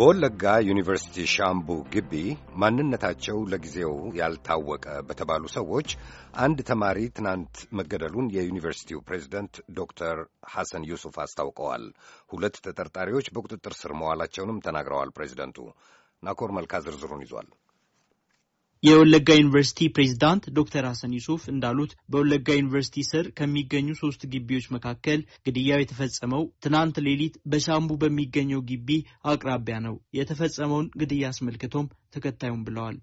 በወለጋ ዩኒቨርሲቲ ሻምቡ ግቢ ማንነታቸው ለጊዜው ያልታወቀ በተባሉ ሰዎች አንድ ተማሪ ትናንት መገደሉን የዩኒቨርሲቲው ፕሬዝደንት ዶክተር ሐሰን ዩሱፍ አስታውቀዋል። ሁለት ተጠርጣሪዎች በቁጥጥር ስር መዋላቸውንም ተናግረዋል። ፕሬዝደንቱ ናኮር መልካ ዝርዝሩን ይዟል። የወለጋ ዩኒቨርሲቲ ፕሬዚዳንት ዶክተር ሀሰን ዩሱፍ እንዳሉት በወለጋ ዩኒቨርሲቲ ስር ከሚገኙ ሶስት ግቢዎች መካከል ግድያው የተፈጸመው ትናንት ሌሊት በሻምቡ በሚገኘው ግቢ አቅራቢያ ነው። የተፈጸመውን ግድያ አስመልክቶም ተከታዩም ብለዋል።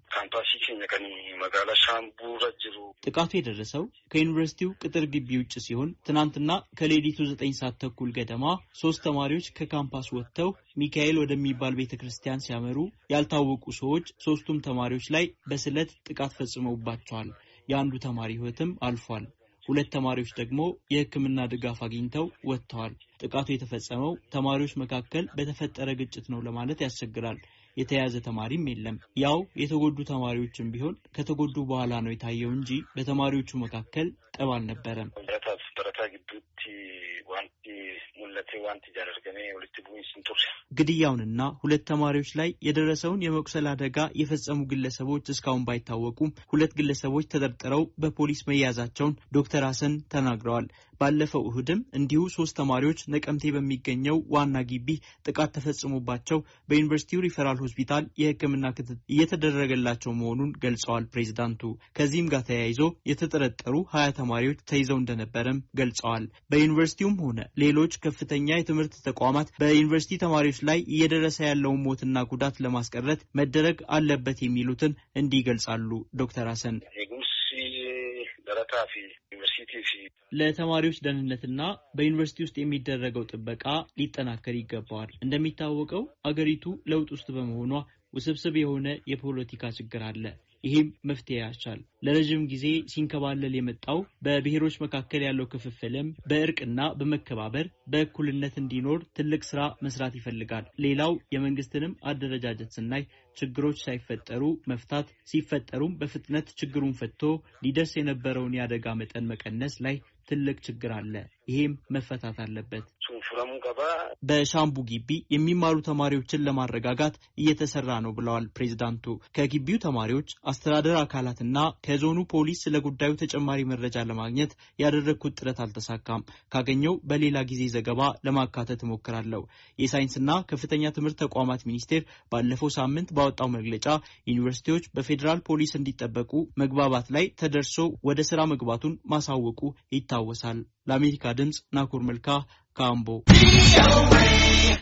ጥቃቱ የደረሰው ከዩኒቨርሲቲው ቅጥር ግቢ ውጭ ሲሆን ትናንትና ከሌሊቱ ዘጠኝ ሰዓት ተኩል ገደማ ሶስት ተማሪዎች ከካምፓስ ወጥተው ሚካኤል ወደሚባል ቤተ ክርስቲያን ሲያመሩ ያልታወቁ ሰዎች ሶስቱም ተማሪዎች ላይ በስለት ጥቃት ፈጽመውባቸዋል። የአንዱ ተማሪ ሕይወትም አልፏል። ሁለት ተማሪዎች ደግሞ የሕክምና ድጋፍ አግኝተው ወጥተዋል። ጥቃቱ የተፈጸመው ተማሪዎች መካከል በተፈጠረ ግጭት ነው ለማለት ያስቸግራል። የተያዘ ተማሪም የለም። ያው የተጎዱ ተማሪዎችም ቢሆን ከተጎዱ በኋላ ነው የታየው እንጂ በተማሪዎቹ መካከል ጠብ አልነበረም። ግድያውንና ሁለት ተማሪዎች ላይ የደረሰውን የመቁሰል አደጋ የፈጸሙ ግለሰቦች እስካሁን ባይታወቁም ሁለት ግለሰቦች ተጠርጥረው በፖሊስ መያዛቸውን ዶክተር ሀሰን ተናግረዋል። ባለፈው እሁድም እንዲሁ ሶስት ተማሪዎች ነቀምቴ በሚገኘው ዋና ግቢ ጥቃት ተፈጽሞባቸው በዩኒቨርሲቲው ሪፈራል ሆስፒታል የሕክምና ክትት እየተደረገላቸው መሆኑን ገልጸዋል። ፕሬዚዳንቱ ከዚህም ጋር ተያይዞ የተጠረጠሩ ሀያ ተማሪዎች ተይዘው እንደነበረም ገልጸዋል። በዩኒቨርሲቲውም ሆነ ሌሎች ከፍተኛ የትምህርት ተቋማት በዩኒቨርሲቲ ተማሪዎች ላይ እየደረሰ ያለውን ሞትና ጉዳት ለማስቀረት መደረግ አለበት የሚሉትን እንዲህ ይገልጻሉ ዶክተር ሀሰን ለተማሪዎች ደህንነትና በዩኒቨርሲቲ ውስጥ የሚደረገው ጥበቃ ሊጠናከር ይገባዋል። እንደሚታወቀው አገሪቱ ለውጥ ውስጥ በመሆኗ ውስብስብ የሆነ የፖለቲካ ችግር አለ። ይህም መፍትሄ ያሻል። ለረዥም ጊዜ ሲንከባለል የመጣው በብሔሮች መካከል ያለው ክፍፍልም በእርቅና በመከባበር በእኩልነት እንዲኖር ትልቅ ስራ መስራት ይፈልጋል። ሌላው የመንግስትንም አደረጃጀት ስናይ ችግሮች ሳይፈጠሩ መፍታት፣ ሲፈጠሩም በፍጥነት ችግሩን ፈቶ ሊደርስ የነበረውን የአደጋ መጠን መቀነስ ላይ ትልቅ ችግር አለ። ይሄም መፈታት አለበት። በሻምቡ ግቢ የሚማሩ ተማሪዎችን ለማረጋጋት እየተሰራ ነው ብለዋል ፕሬዚዳንቱ። ከግቢው ተማሪዎች፣ አስተዳደር አካላትና ከዞኑ ፖሊስ ስለ ጉዳዩ ተጨማሪ መረጃ ለማግኘት ያደረግኩት ጥረት አልተሳካም። ካገኘው በሌላ ጊዜ ዘገባ ለማካተት እሞክራለሁ። የሳይንስና ከፍተኛ ትምህርት ተቋማት ሚኒስቴር ባለፈው ሳምንት ባወጣው መግለጫ ዩኒቨርሲቲዎች በፌዴራል ፖሊስ እንዲጠበቁ መግባባት ላይ ተደርሶ ወደ ስራ መግባቱን ማሳወቁ ይታወሳል። ለአሜሪካ ድምፅ ናኮር መልካ ካምቦ